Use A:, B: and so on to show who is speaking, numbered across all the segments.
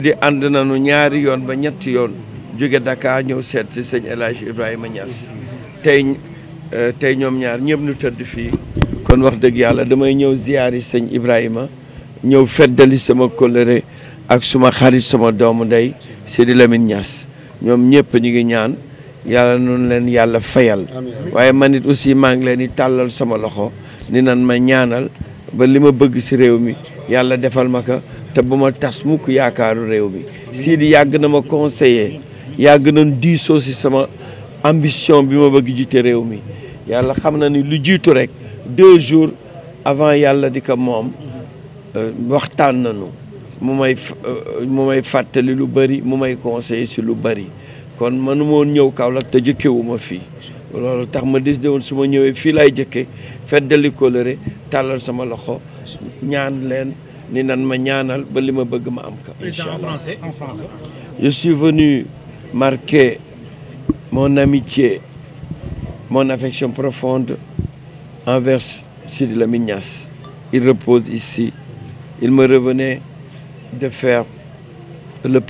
A: di and nañu ñaari yoon ba ñett yoon joge Dakar ñew set si ten El eh, nyar Ibrahima Niass tay tay ñom ñaar ñepp ñu tedd fi kon wax deug yalla damay ñew ziaré seigne Ibrahima ñew sama kóllëre ak suma xarit sama doomu ndey Sidi Lamine Niass ñom ñepp ñi ngi ñaan yalla nun leen yalla fayal waye man aussi ma ngi leen di sama loxo ni nan ma ñaanal ba lima ma bëgg ci réew mi yalla defal maka te bu ma tas mukk yaakaaru réew mi di yàgg na ma conseiller yàgg nañ diisoo si sama ambition bi ma bëgg jiite réew mi yàlla xam na ni lu jiitu rek deux jours avant yàlla di ko moom euh, waxtaan nañu mu may euh, mu fàttali lu bëri mu may conseiller si lu bari kon mënuma woon ñëw Kaolack te jëkkewuma fii loolu tax ma décidé woon su ma ñëwee fii laay jëkke feddali kóllëre tàllal sama loxo ñaan leen je suis venu marquer mon amitié mon affection profonde envers Cyril Lamine il repose ici il me revenait de faire euh,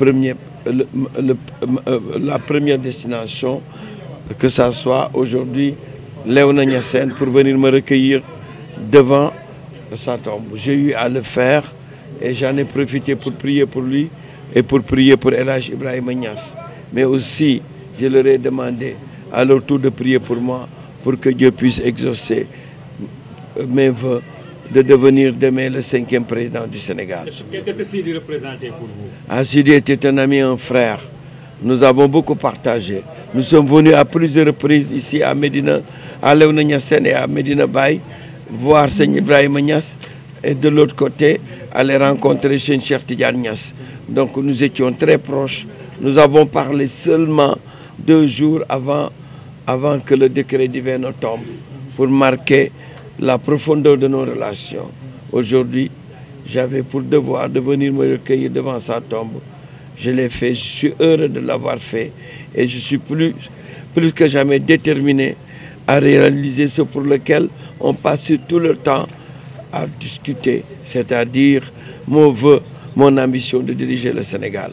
A: la première destination que ça soit aujourd'hui Léon Niassène pour venir me recueillir devant j'ai eu à le faire et j'en ai profité pour prier pour lui et pour prier pour Elhaj Ibrahim Agnès Mais aussi, je leur ai demandé à leur tour de prier pour moi pour que Dieu puisse exaucer mes voeux de devenir demain le cinquième président du Sénégal. Qu'est-ce Sidi représenté pour vous ah, était un ami, un frère. Nous avons beaucoup partagé. Nous sommes venus à plusieurs reprises ici à Médina, à Léona et à Médina Baye voir Seigneur Ibrahim et de l'autre côté, aller rencontrer Seigneur Cheikh Donc nous étions très proches. Nous avons parlé seulement deux jours avant, avant que le décret divin ne tombe pour marquer la profondeur de nos relations. Aujourd'hui, j'avais pour devoir de venir me recueillir devant sa tombe. Je l'ai fait, je suis heureux de l'avoir fait et je suis plus, plus que jamais déterminé à réaliser ce pour lequel on passe tout le temps à discuter, c'est-à-dire mon vœu, mon ambition de diriger le Sénégal.